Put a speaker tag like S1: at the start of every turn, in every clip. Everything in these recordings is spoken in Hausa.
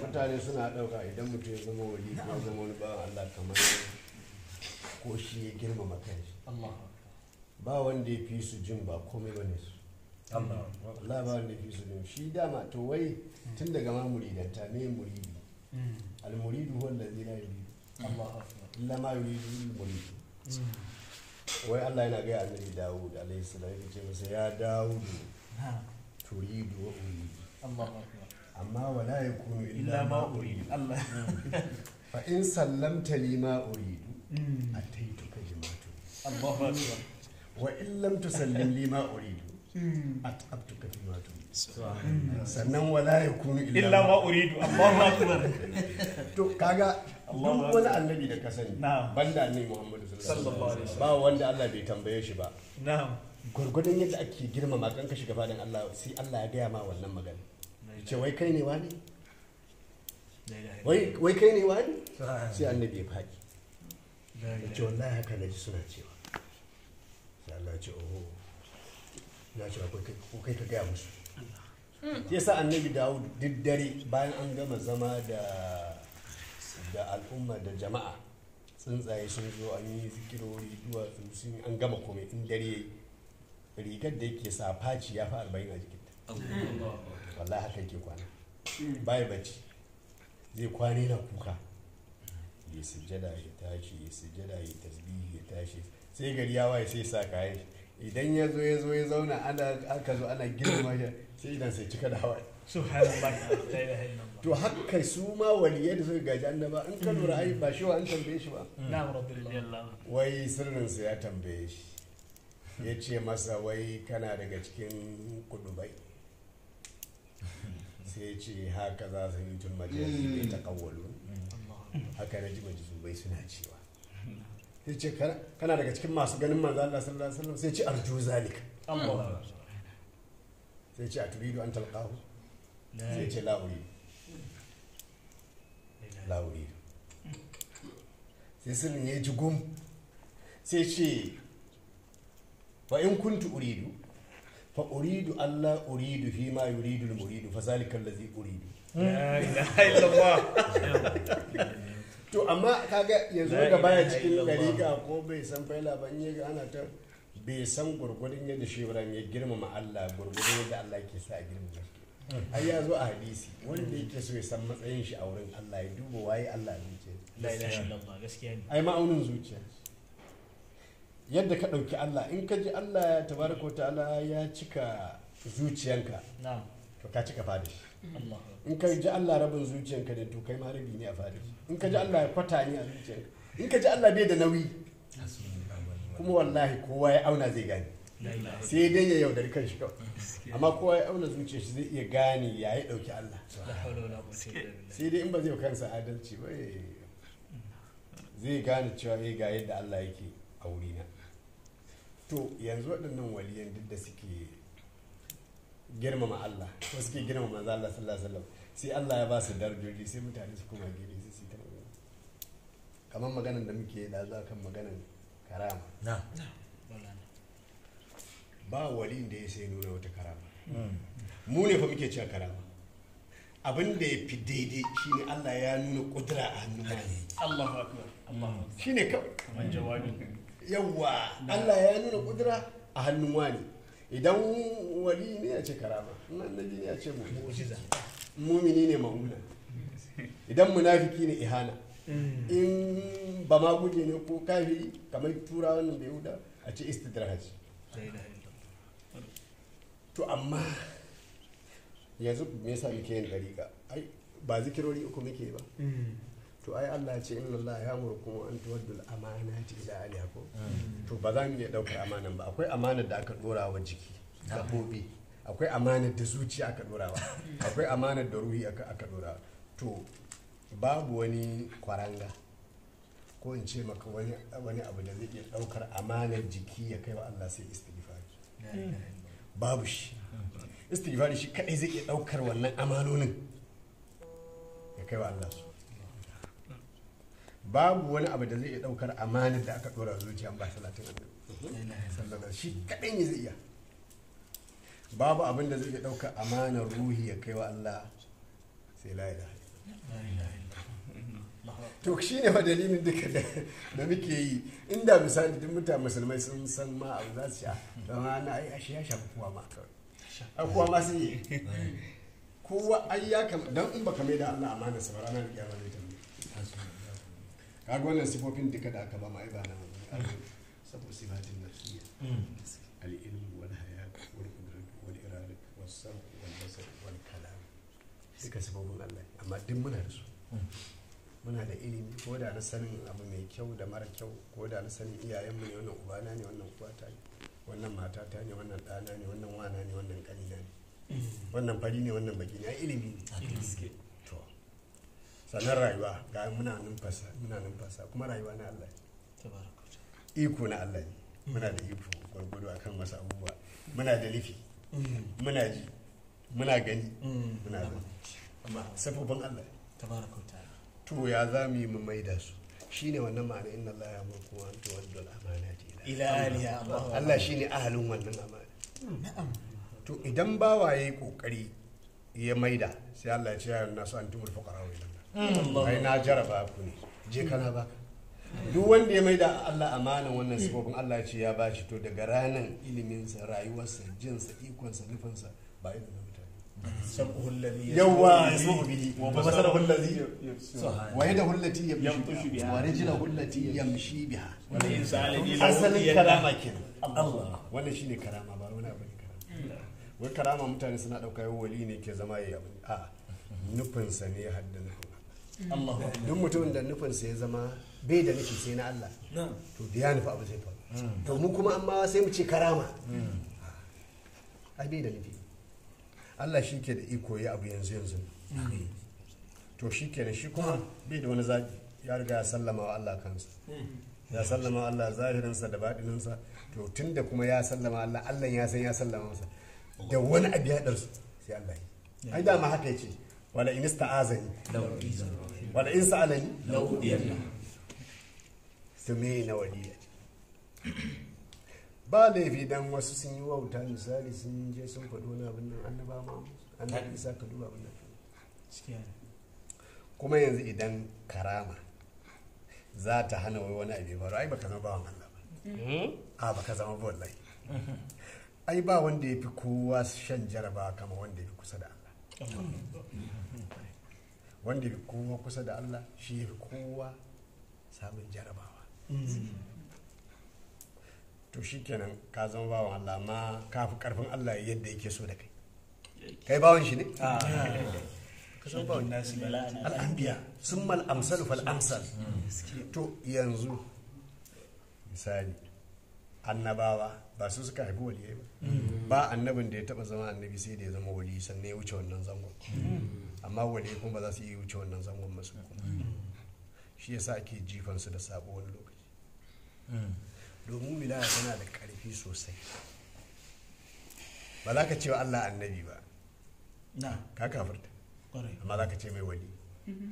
S1: mutane suna ɗauka idan mutum ya zama wani ko zama wani ba Allah kamar ko shi ya girmama kanshi ba wanda ya fi su jin ba komai ba ne su Allah ba wanda ya fi su jin shi dama to wai tun daga ma muridanta ne muridi al-muridu wanda zai la yuridu Allah ma yuridu muridu wai Allah yana gaya annabi Dawud alayhi salam yake ce masa ya Dawud turidu wa uridu amma wala ya kuno illa ma uridu Allah fa in sallamta li ma uridu hmm. ataituka jimatu Allahu akbar wa in lam tusallim li ma uridu hmm. at'abtuka jimatu sannan wala ya kuno illa ma uridu Allahu akbar to kaga duk wani annabi da ka sani banda annabi Muhammadu sallallahu alaihi wasallam ba wanda Allah bai tambaye shi ba na'am gwargwadon yadda ake girmama kan ka shiga fadin Allah sai Allah ya gaya ma wannan magana ce wai kai ne wani wai kai ne wani sai annabi ya faɗi da ce wallahi haka na ji suna cewa sai Allah ce oho na ce ko kai ka gaya musu ya sa annabi dawud duk dare bayan an gama zama da da al'umma da jama'a tsuntsaye sun zo an yi zikirori duwatsu sun an gama kome in dare rigar da yake sa faci ya fi arba'in a jikinta wallahi haka yake kwana bai bacci zai kwana yana kuka ya sujjada ya tashi ya sujjada ya tasbihi ya tashi sai gari ya waye sai sa kayan idan ya zo ya zo ya zauna ana aka zo ana girma shi sai idan sai cika da hawaye to haka su ma waliyai da suka gaji annaba in ka lura ai ba shi wa an tambaye shi
S2: ba mm.
S1: wai sirrin su ya tambaye shi ya ce masa wai kana daga cikin kudubai sai ce haka za su yi tun majalisi bai ta kawwalo haka na ji majizubai suna cewa sai ce kana daga cikin masu ganin manzo Allah sallallahu alaihi wasallam sai ce arju zalika sai ce a turidu an talqahu sai ce la uridu sai sun yi jigum gum sai ce wa in kuntu uridu fa uridu Allah uridu fi ma yuridu muridu fa zalika allazi uridu la ilaha illallah to amma kaga yanzu ga baya cikin dariƙa ko bai san faila ban yi ana ta bai san gurgudun yadda shebran ya girmama Allah gurgudun yadda Allah ke sa girmama shi ai ya zo a hadisi wanda hmm. yake so ya san matsayin shi a wurin Allah ya duba waye Allah ne ke la ilaha illallah gaskiya ne ai ma'aunin zuciya yadda ka ɗauki Allah in ka ji Allah ya tabaraka ta'ala ya cika zuciyanka to ka cika fadi in ka ji Allah rabin zuciyanka ne to kai ma rabi ne a fadi in ka ji Allah ya kwata ne a zuciyanka in ka ji Allah bai da nauyi kuma wallahi kowa ya auna zai gane
S2: sai dai ya yaudari kan
S1: shi kawai amma kowa ya auna zuciya shi zai iya gane ya yi ɗauki Allah sai dai in ba zai kansa adalci ba eh, zai gane cewa eh, ga yadda Allah yake a wurina to yanzu waɗannan waliyan duk da suke girmama Allah ko suke girmama manzo Allah sallallahu alaihi wasallam sai Allah ya ba su darajoji sai mutane su koma gidan sai su ta kamar maganar da muke da za kan maganar karama na ba wali da ya sai nuna wata karama hmm. mu ne fa muke cewa karama abin da ya fi daidai shine Allah ya nuna kudura a hannun Allah Allahu akbar Allah shine kawai kamar jawabi yawwa Allah ya nuna kudura a hannun wani idan wali ne ya ce karama annabi ne ya ce mu'jiza mumini ne ma'una idan munafiki ne ihana mm. in ba ma guje ne ko kafiri kamar tura nan da yahuda a ce istidraj to amma yanzu me yasa muke yin dariƙa ai ba zikirori uku muke ba mm. to ai Allah ya ce inna Allah ya murku an amana amanati ila aliyako hmm. to ba za mu iya daukar amanan ba akwai amanar da aka dora wa jiki gabobi akwai amanar da zuciya aka dora wa akwai amanar da ruhi aka dora to babu wani kwaranga ko in ce maka wani abu da zai iya daukar amanar jiki ya kai wa Allah sai istighfari hmm. babu shi istighfari shi kadai zai iya daukar wannan amanonin ya kai wa Allah su babu wani abu da zai iya daukar amanar da aka dora zuciya ba salatin annabi shi kadan ya zai iya babu abin da zai iya daukar amanar ruhi ya kai wa Allah sai la ilaha to shi ne fa duka da muke yi inda misali duk mutane musulmai sun san ma abu za su sha don na ai ashe ya shafi kuwa ma a kuwa ma yi kowa ai ya don in baka mai da Allah amana sa ba ranar kiyama zai kaga wannan sifofin duka da aka ba ma ba nan saboda sifatin nafsiyya hmm. al-ilm wal hayat wal qudrat wal irada wal sam wal basar wal kalam duka sifofin Allah amma duk muna da su hmm. muna da ilimi ko da na sanin abu mai kyau da mara kyau ko da na sanin iyayenmu ne wannan ubana ne wannan uwata ne wannan matata ne wannan ɗana ne wannan wana ne wannan kalila ne hmm. wannan fari ne wannan baki ne ilimi ne sannan rayuwa ga muna numfasa muna numfasa kuma rayuwa na Allah iko na Allah ne muna da iko gwargwado akan wasu abubuwa muna da lifi mm. muna ji muna gani mm. muna gani amma sabobin Allah to ya za mu yi mu maida su shine wannan ma'ana inna Allah ya mulku wa anta waddu al-amanati ila Allah Allah shine ahalin wannan amana na'am to idan bawa yayi kokari ya maida sai Allah ya ce ya nasu antumul fuqara wa Hmm. ai na jaraba ku ne je kana baka duk wanda ya mai da Allah amanan wannan sifofin Allah ce ya bashi to daga ranar iliminsa rayuwarsa jinsa ikonsa nufinsa ba irin na mutane yawa ya zo bihi wa basara hullazi wa yada hullati yamshi biha wa rajula hullati yamshi biha asalin karama kenan Allah wannan shine karama ba wani abu ne
S2: karama
S1: wai karama mutane suna dauka wali ne ke zama ya a'a nufinsa ne haddana duk mutumin da nufinsa ya zama bai da nufi sai na Allah to da ya nufi abu zai faru to mu kuma amma sai mu ce karama ai bai da nufi Allah shi ke da iko ya abu yanzu yanzu to shi ke shi kuma bai da wani zaɓi ya riga ya sallama wa Allah kansa
S2: hmm.
S1: ya sallama wa Allah zahirinsa da baɗininsa to tun da kuma ya sallama Allah Allah ya san ya sallama masa da wani abu ya ɗarsu sai Allah yi ai dama haka ya ce wala in ista'azani wala in sa'alani to me na waliya ba laifi dan wasu sun yi wauta misali sun je sun faɗo na abin nan annaba ma annabi isa ka duba abin nan kuma yanzu idan karama za ta hana wai wani abu faru ai baka hmm? zama ba Allah ba a baka zama wallahi ai ba wanda ya fi kowa shan jaraba kama wanda ya fi kusa da wanda ya kowa kusa da Allah shi ya kowa samun jarabawa to shi kenan ka zama bawan Allah ma ka fi karfin Allah yadda yake so da kai kai bawan shi ne ka al'ambiya sun mal amsal fal amsal to yanzu misali annabawa ba su suka haifi waliyai ba mm. ba annabin da ya taba zama annabi sai da ya zama wali sannan ya wuce wannan zangon mm. amma wali kuma ba za su iya wuce wannan zangon masu kuma mm. shi yasa ake jifan su da sabo wani lokaci domin wilaya tana da karfi sosai ba za ka ce wa Allah annabi ba ka kafirta amma za ka ce mai wali mm-hmm.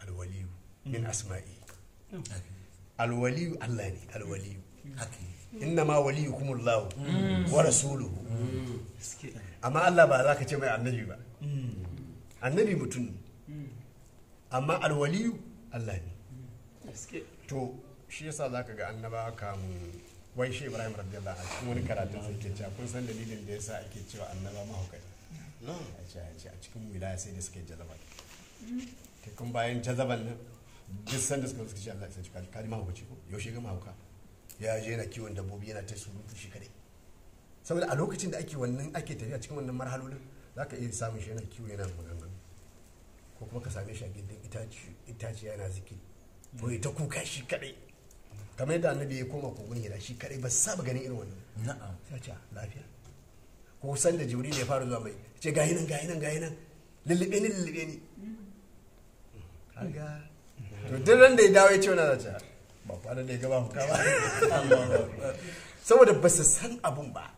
S1: alwali min asma'i alwaliyu Allah ne alwaliyu inna ma waliyu Allah mm. wa rasulu mm. amma Allah ba za ka ce mai annabi ba annabi mutum ne amma alwaliyu Allah
S2: ne
S1: to shi yasa za ka ga annaba kamun wai shi ibrahim radiyallahu a cikin wani karatun sai ke cewa kun san dalilin da yasa ake cewa annaba mahaukata a a cikin wilaya sai da yi jazaba ta kun bayan jazabar nan duk sanda suka suka ce Allah ya sace kaji kaji mahaukaci ko yaushe ga mahauka ya je na kiwon dabbobi yana ta surutu shi kadai saboda a lokacin da ake wannan ake tafiya cikin wannan marhalolin za ka iya samun shi yana kiwo yana maganganu ko kuma ka same shi a gindin itaciya yana zikiri ko ya ta kuka shi kadai kamar yadda annabi ya koma kogon hira shi kadai ba su saba ganin irin wannan na'am sai ce lafiya ko san da jibril ya fara zuwa mai ce gayi nan gayi nan gayi nan lullube ni lullube ni kaga to duk ran da ya dawo ya ce wani zata ba kwana da ya gaba huta ba saboda ba su san abun ba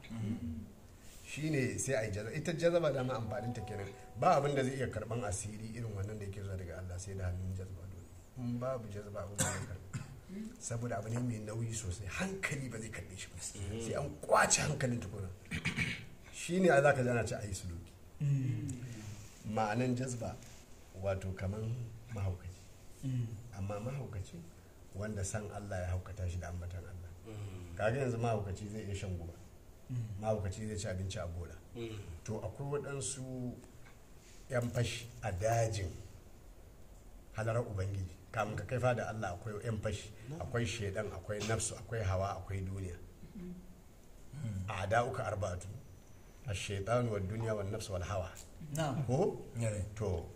S1: Shi ne sai a yi jazaba ita jazaba da ma amfanin ta kenan ba abin da zai iya karban asiri irin wannan da yake zuwa daga Allah sai da hannun jazaba dole in babu jazaba abin da karba saboda abu ne mai nauyi sosai hankali ba zai karbe shi ba sai an kwace hankalin tukuna shine a zaka jana ci a yi suluki ma'anan jazba wato kaman mahaukaci amma mahaukacin wanda san Allah ya haukata shi da ambatan Allah kaga yanzu mahaukaci zai iya shan guba mahaukaci zai ci abinci a gora to akwai waɗansu 'yan fashi a dajin halarar ubangiji kamun ka kaifa da Allah akwai 'yan fashi akwai shaidan akwai nafsu akwai hawa akwai duniya a da'uka arba'atu a shaidan wa duniya wa nafsu wal hawa ko to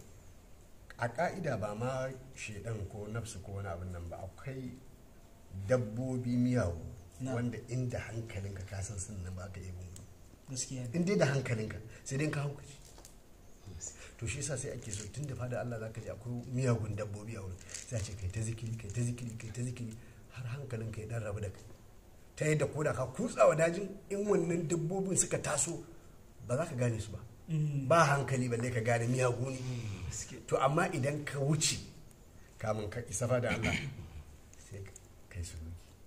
S1: a ka'ida ba ma shaidan ko nafsu ko wani abin nan ba akwai dabbobi miyawu wanda inda hankalinka ka san sun nan ba ka yi
S2: gaskiya in dai da
S1: hankalinka sai dai ka haukaci to shi yasa sai ake so tun da fada Allah zaka ji akwai miyagun dabbobi a wurin sai ce kai ta zikiri kai ta zikiri kai ta zikiri har hankalinka ya dan rabu da kai ta yadda da ka kutsawa dajin in wannan dabbobin suka taso ba za ka gane su ba Mm. ba hankali balle ka gane miyagu ne to amma idan ka wuce kamun ka isa da Allah sai kai su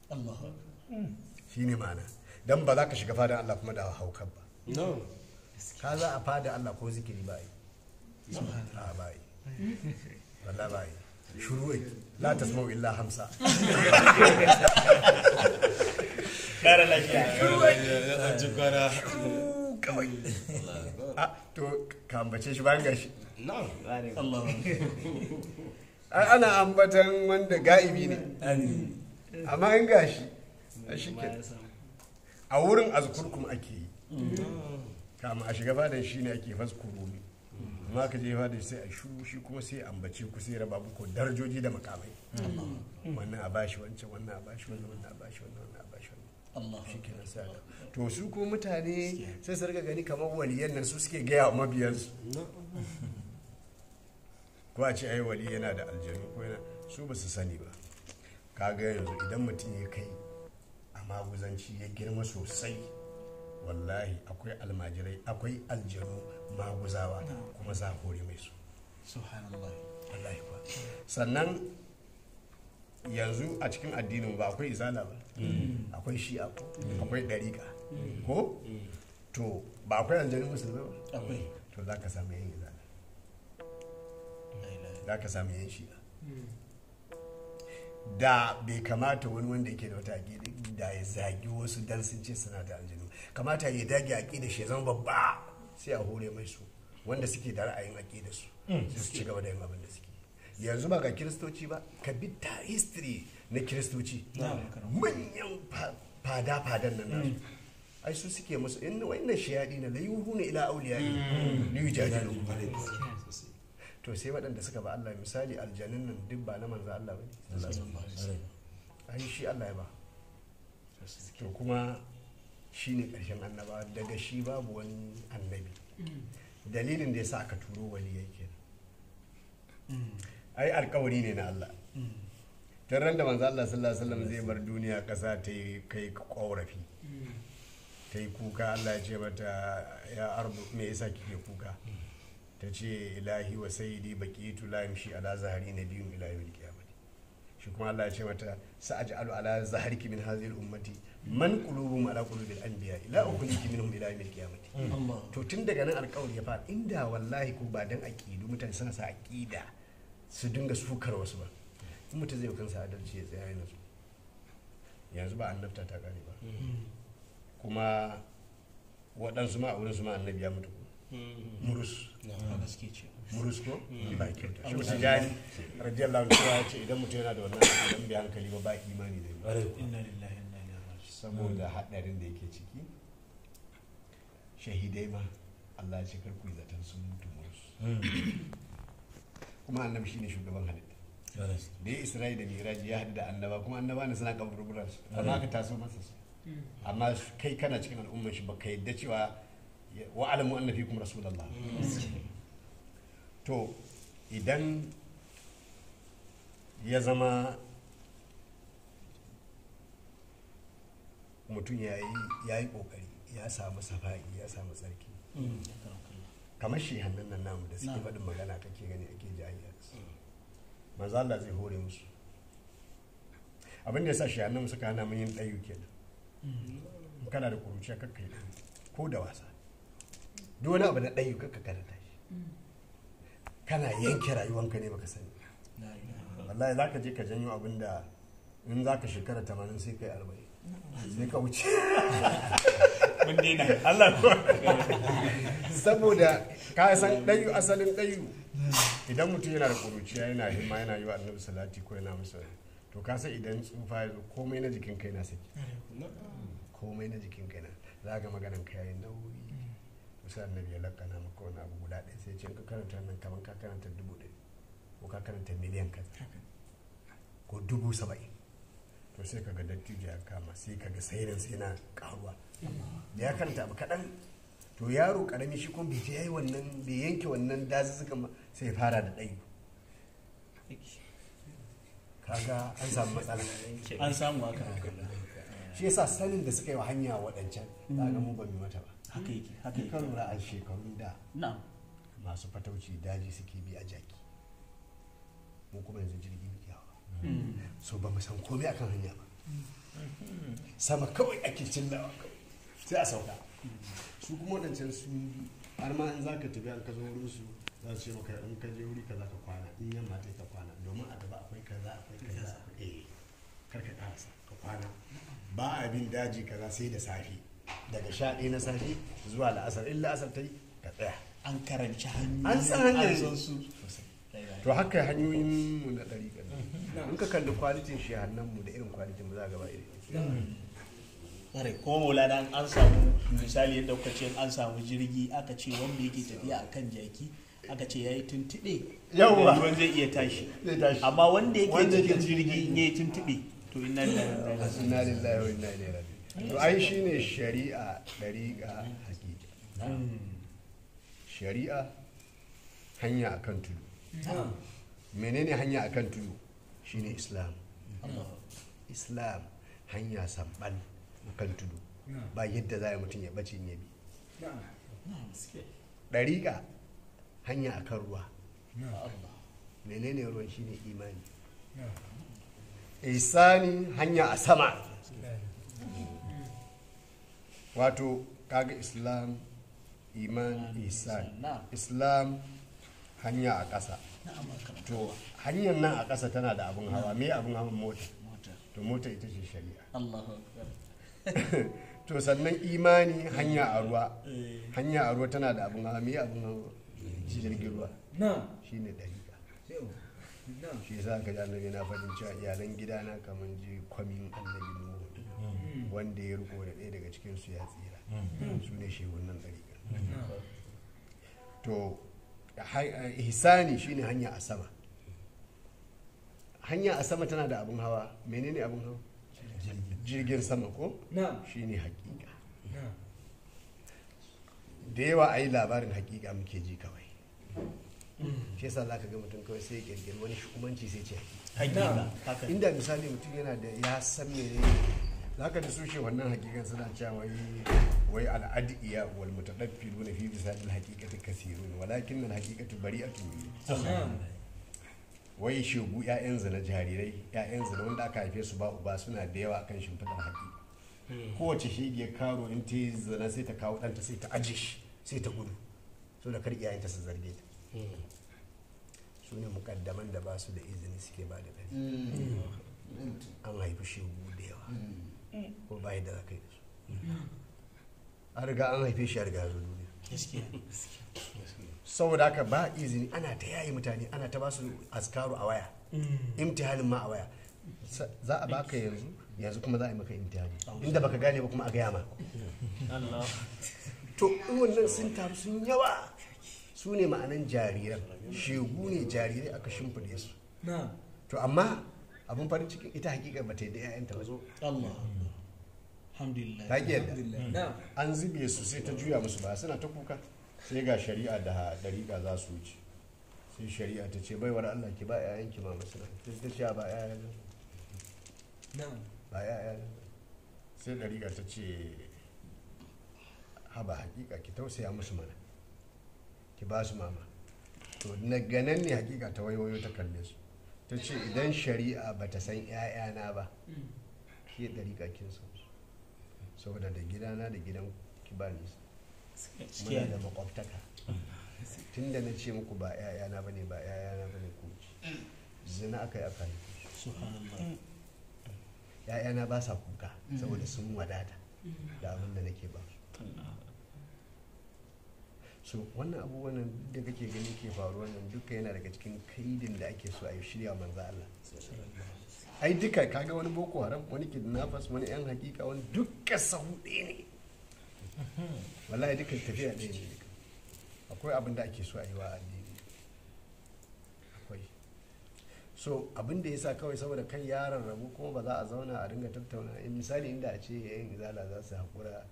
S1: mm. shi ne mana don ba za ka shiga fada Allah kuma da haukan ba ka za a fada Allah ko zikiri ba yi a ba yi balla ba yi shuru yi la ta smau illa hamsa kara lafiya kawai ah, to ka ambace shi bayan gashi ana ambatan wanda ga'ibi ne amma in gashi a shi a wurin azkurkum ake yi mm. kama a shiga fadan shi ne ake faskuru ne amma ka je fadan sai a shuru shi kuma sai ambace ku sai raba ku darajoji da makamai mm. wannan a bashi wancan wannan a bashi wannan wannan a bashi wannan wannan to su ko mutane sai su rika gani kamar waliyan nan su suke gaya wa mabiyansu ko a ce ai wali yana da aljanu ko yana su ba su sani ba ka ga yanzu idan mutum ya kai a maguzanci ya girma sosai wallahi akwai almajirai akwai aljanu maguzawa kuma za mai su sannan yanzu a cikin addinin ba akwai izala ba akwai shi akwai dariƙa ko to ba akwai aljanin musulmi ba to za ka sami yin izala za ka sami yin shi da bai kamata wani wanda yake da wata aƙida da ya zagi wasu dan sun ce suna da aljanu kamata ya dage aƙida shi zan babba sai a hore mai su wanda suke da ra'ayin aƙida su mm. su ci gaba da yin abin da suke yanzu ba ga kiristoci ba ka bi ta history na kiristoci manyan fada-fadan nan nasu mm. ai su suke musu in wannan shayadi na la yuhu ne ila auliya ne ni jajilu to sai waɗanda suka ba Allah misali aljanin nan duk ba na manzo Allah bane ai shi Allah ya ba to kuma shi ne ƙarshen annaba daga shi babu wani annabi mm. dalilin da ya sa aka turo wali yake ai alkawari ne na Allah tun ran da manzo Allah sallallahu alaihi wasallam zai bar duniya kasa ta yi kai korafi ta yi kuka Allah ya ce mata ya arbu me yasa kike kuka ta ce ilahi wa sayyidi baqitu la yamshi ala zahari nabiyyun ila yawmil qiyamah shi kuma Allah ya ce mata sa'aj'alu ala zahriki min hadhihi ummati man qulubuhum ala al anbiya ila ukhliki minhum ila yawmil qiyamah to tun daga nan alƙawari ya fa inda wallahi ko ba dan aqidu mutan suna sa aqida su dinga sukar wasu ba in mutum zai kansa adalci ya tsaya yanzu yanzu ba annabta ta kare ba kuma waɗansu ma a wurin su ma annabi ya mutu
S2: murus murus ko ba kyauta shi musu jani
S1: radiyallahu anhu ya ce idan mutum yana da wannan idan bai hankali ba ba imani zai saboda haɗarin da yake ciki shahidai ma Allah ya ce karku zaton sun mutu murus
S2: hmm.
S1: kuma annabi shine shugaban halitta da ya isra'i da miraji ya haɗu da annaba kuma annaba ne suna kan burburan su amma ka taso masa su amma kai kana cikin al'ummar shi baka yadda cewa wa alamu anna fikum rasulullah to idan ya zama mutum ya yi kokari ya samu safa'i ya samu tsarki mm. kamar shi hannun nan namu da suke faɗin magana kake gani ake jahiliya manzo Allah zai hore musu abin da yasa shi hannun suka hana mun yin ɗayu kenan kana da kuruciya kakka yi ko da wasa duk wani abu na ɗayu kakka karanta shi kana yanke rayuwanka ne baka sani wallahi za ka je ka janyo abin da in za ka shekara 80 sai kai yi 40 sai ka wuce mun dina Allah saboda ka san asalin ɗayu idan mutum yana da kuruciya yana himma yana yi wa annabi salati ko yana masa to ka san idan tsufa ya zo komai na jikin kai na saki komai na jikin kai na za ga maganan ka yayi nauyi to annabi ya lakana maka wani abu guda ɗaya sai ce ka karanta nan kamar ka karanta dubu ɗaya ko ka karanta miliyan kaza ko dubu saba'in to sai kaga dattijo ya kama sai kaga sairin sai na karuwa da ya kanta ba kaɗan to yaro karami shi kuma bai yi wannan bai yanke wannan dazuzzukan ma sai fara da ɗai kaga an samu matsala
S2: an samu haka
S1: shi yasa sanin da suka yi wa hanya waɗancan ga mu ba mu mata ba haka yake haka yake kan a shekarun da na'am masu fatauci daji suke bi a jaki mu kuma yanzu jirgi so ba mu san komai akan hanya ba sama kawai ake cillawa kawai sai a sauka su kuma wadancan su har ma in za ka tafi an ka zo wurin su za su ce maka in ka je wuri kaza ka kwana in yamma ta ka kwana domin a gaba akwai kaza akwai kaza eh kar ka karasa ka kwana ba a bin daji kaza sai da safe daga sha ɗaya na safe zuwa la'asar in la'asar ta yi ka tsaya an karanci
S2: hanyoyi an san hanyar
S1: to haka hanyoyin mu na ɗari in ka kalli kwalitin shi hannun mu da irin kwalitin mu za a ba irin kare ko
S2: maulana an samu misali yadda kuka ce an samu jirgi aka ce wanda yake tafiya akan jaki aka ce ya yi tuntuɓe yawon ruwan zai iya tashi amma wanda yake cikin jirgi ya yi tuntuɓe to ina da inna lillahi wa to ai shine
S1: shari'a ga hakika shari'a hanya akan tudu menene hanya akan tudu shine islam hmm. islam hanya sambal kan tudu hmm. ba yadda za a mutum ya bace ne
S2: bi
S1: ɗariƙa hanya a kan ruwa menene ruwan shine imani isani hanya a sama
S2: hmm.
S1: wato kaga islam iman isani islam hanya a ƙasa hanyar nan a ƙasa tana da abin hawa me abin hawan mota to mota ita ce shari'a to sannan imani hanya a ruwa eh. hanya a ruwa tana da abin hawa me abin hawa jirgin ruwa shi ne ɗariƙa shi yasa ka ji annabi na faɗin cewa iyalan gidana kamar ji kwamin annabi nuhu hmm. wanda ya riko da ɗaya daga cikin su ya tsira hmm. su ne shehunan ɗariƙa to shi eh, shine hanya a sama hanya a sama tana da abin hawa menene abin hawa jirgin sama ko Shi ne hakika da yawa a yi labarin hakika muke ji kawai shi yasa za ka ga mutum kawai sai kirkiri wani shukumanci sai ce hakika inda misali mutum yana da ya san mene za ka da sushe wannan hakikan suna cewa wai al'adiya wal mutadaffilu na fi bisa bil haqiqati kasirun walakin al a bari'atun wai shegu 'ya'yan zina jarirai 'ya'yan zina wanda aka haife su ba uba suna da yawa akan shimfiɗar haƙi hmm. kowace ya karo in ta yi zina sai ta kawo ɗanta sai ta aje shi sai ta gudu so da kar iyayenta su zarge ta hmm. su ne mukaddaman da ba su da izini suke ba da ɗari hmm. an haifi shegu da yawa ko ba da za ka yi da su an riga an haife shi a riga zuwa duniya saboda haka ba izini ana ta yayi mutane ana ta ba su askaru a waya mm. imtihanin ma a waya za a baka yanzu yanzu kuma za a yi maka imtihani inda baka gane ba kuma a gaya ma to in wannan sun taru sun yawa su ne ma'anan jariran shegu ne jarirai aka shimfiɗe su to amma abin farin cikin ita hakikar ba ta yi da 'ya'yanta ba zo
S2: alhamdulillah
S1: an zube su sai ta juya musu ba suna ta kuka sai ga shari'a da dariƙa za su wuce sai shari'a ta ce baiwar allah ki ba yayan ki ba musu ta ce ba yayan ba yayan sai dariƙa ta ce ba hakika ki tausaya musu mana ki ba su mama to na ganin ne hakika ta wayoyo ta kalle su ta ce idan shari'a ba ta san 'ya'yana ba mm. ke dariƙa kin san saboda da gidana da gidan ki ba nisa muna da makwabtaka tun da na ce muku ba yayana bane ba yayana bane ku zina aka yi aka yi yayana ba sa kuka saboda sun wadata da abin da nake ba so wannan abubuwan nan da kake gani ke faruwa nan duka yana daga cikin kaidin da ake so a yi shirya manzo Allah ai duka kaga wani boko haram wani kidnappers wani yan hakika wani duka sahu ne wallahi dukkan tafiya ɗaya ne akwai abin da ake so a yi wa addini akwai so abin da ya sa kawai saboda kan yaran rabu kuma ba za a zauna a ringa tattauna in eh, misali inda a ce yayin izala za su haƙura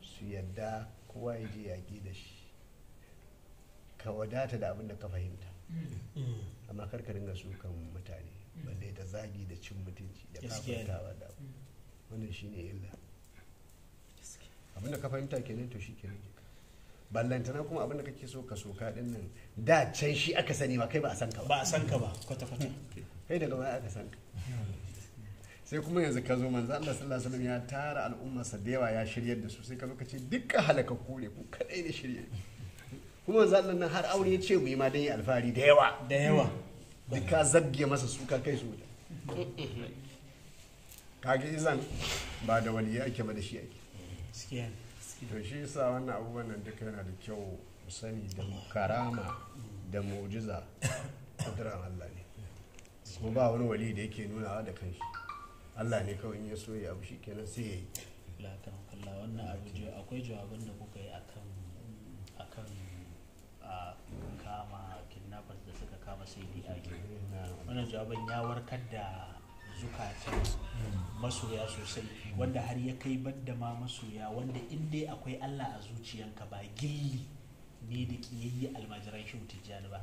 S1: su yadda kowa ya je yaƙi da shi ka wadata da abin da ka fahimta mm. amma kar ka ringa kan mutane mm. balle da zagi da cin mutunci da kafirtawa da mm. wannan shine illa abinda ka fahimta kenan to shi kenan ballantana kuma abinda kake so ka soka din nan da can shi aka sani ba kai ba a san ka ba ba a san ka ba kwata kwata kai daga baya aka san ka sai kuma yanzu ka zo manzo Allah sallallahu alaihi wasallam ya tara al'ummarsa da yawa ya shiryar da su sai ka zo ka ce dukkan halaka kure ku kadai ne shirye kuma manzo Allah nan har aure ya ce mu yi ma dan yi alfahari da yawa da yawa duk ka zabge masa su ka kai su kage izan ba da waliyi ake ba da shi ake to shi yasa wannan abubuwan nan duka yana da kyau ku sani da karama da mu'jiza kudurar Allah ne kuma ba wani wali da yake nunawa da kanshi Allah ne kawai in ya so ya abu shi kenan sai ya yi wannan abu
S2: akwai jawabin da kuka yi akan akan kama kidnappers da suka kama sai da wannan jawabin ya warkar da zukatan masoya sosai wanda har ya kai banda ma masoya wanda in dai akwai Allah a zuciyanka ba gilli ne da kiyayye almajiran shi tijjani ba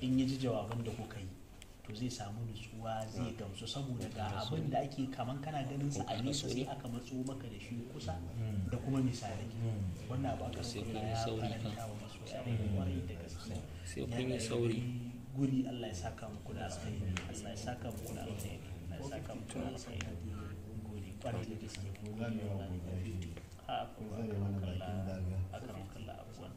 S2: in ya ji jawaban da kuka yi to zai samu nutsuwa zai gamsu saboda ga abin da ake kaman kana ganin sa a nesa sai aka matso maka da shi kusa mm. da kuma misalai wannan ba ka sai kun sauri kan sai kun sauri guri Allah ya saka muku da alkhairi Allah ya saka muku da alkhairi kutoka Kampala kwenda Bunguri kwa ajili da suke kokarin yawan da fito ha kuma akan kalla akan kalla abuwan